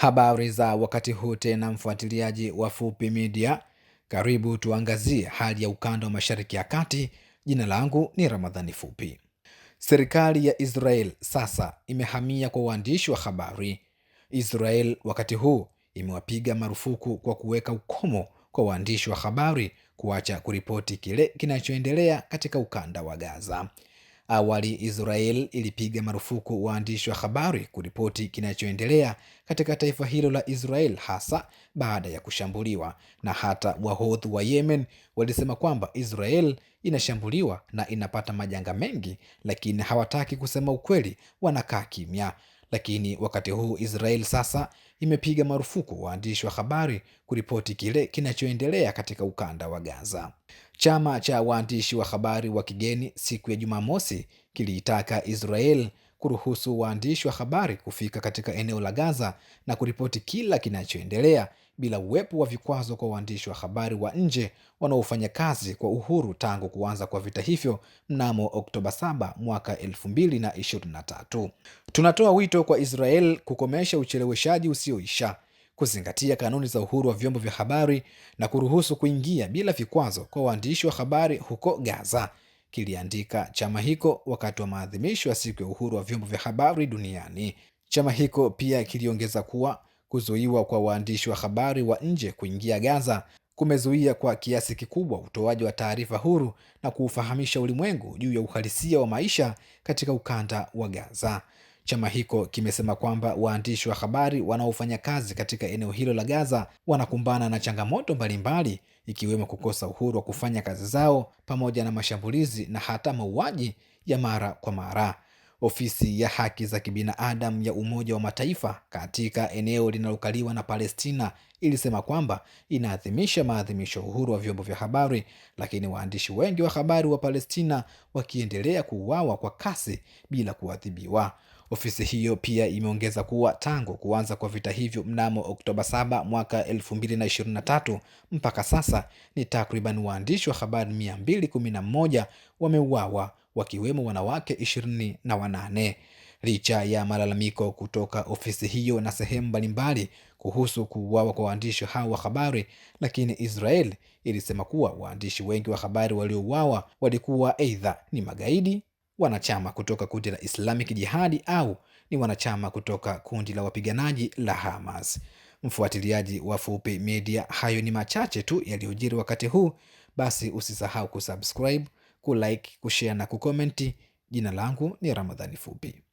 Habari za wakati huu tena, mfuatiliaji wa Fupi Media, karibu tuangazie hali ya ukanda wa mashariki ya kati. Jina langu ni Ramadhani Fupi. Serikali ya Israel sasa imehamia kwa waandishi wa habari. Israel wakati huu imewapiga marufuku kwa kuweka ukomo kwa waandishi wa habari kuacha kuripoti kile kinachoendelea katika ukanda wa Gaza. Awali Israel ilipiga marufuku waandishi wa habari kuripoti kinachoendelea katika taifa hilo la Israel, hasa baada ya kushambuliwa. Na hata wahodhi wa Yemen walisema kwamba Israel inashambuliwa na inapata majanga mengi, lakini hawataki kusema ukweli, wanakaa kimya. Lakini wakati huu Israel sasa imepiga marufuku waandishi wa habari kuripoti kile kinachoendelea katika ukanda wa Gaza. Chama cha waandishi wa habari wa kigeni siku ya Jumamosi kiliitaka Israel kuruhusu waandishi wa habari kufika katika eneo la Gaza na kuripoti kila kinachoendelea bila uwepo wa vikwazo kwa waandishi wa habari wa nje wanaofanya kazi kwa uhuru tangu kuanza kwa vita hivyo mnamo Oktoba 7 mwaka 2023. Tunatoa wito kwa Israel kukomesha ucheleweshaji usioisha kuzingatia kanuni za uhuru wa vyombo vya habari na kuruhusu kuingia bila vikwazo kwa waandishi wa habari huko Gaza, kiliandika chama hiko wakati wa maadhimisho ya siku ya uhuru wa vyombo vya habari duniani. Chama hiko pia kiliongeza kuwa kuzuiwa kwa waandishi wa habari wa nje kuingia Gaza kumezuia kwa kiasi kikubwa utoaji wa taarifa huru na kuufahamisha ulimwengu juu ya uhalisia wa maisha katika ukanda wa Gaza. Chama hicho kimesema kwamba waandishi wa habari wanaofanya kazi katika eneo hilo la Gaza wanakumbana na changamoto mbalimbali, ikiwemo kukosa uhuru wa kufanya kazi zao pamoja na mashambulizi na hata mauaji ya mara kwa mara. Ofisi ya haki za kibinadamu ya Umoja wa Mataifa katika eneo linalokaliwa na Palestina ilisema kwamba inaadhimisha maadhimisho uhuru wa vyombo vya habari, lakini waandishi wengi wa habari wa Palestina wakiendelea kuuawa kwa kasi bila kuadhibiwa. Ofisi hiyo pia imeongeza kuwa tangu kuanza kwa vita hivyo mnamo Oktoba 7 mwaka 2023 mpaka sasa ni takriban waandishi wa habari 211 wameuawa wakiwemo wanawake ishirini na wanane licha ya malalamiko kutoka ofisi hiyo na sehemu mbalimbali kuhusu kuuawa kwa waandishi hao wa habari, lakini Israel ilisema kuwa waandishi wengi wa habari waliouawa walikuwa aidha ni magaidi, wanachama kutoka kundi la Islamic Jihadi au ni wanachama kutoka kundi la wapiganaji la Hamas. Mfuatiliaji wa Fupi Media, hayo ni machache tu yaliyojiri wakati huu. Basi usisahau kusubscribe kulike, kushare na kukomenti. Jina langu ni Ramadhani Fupi.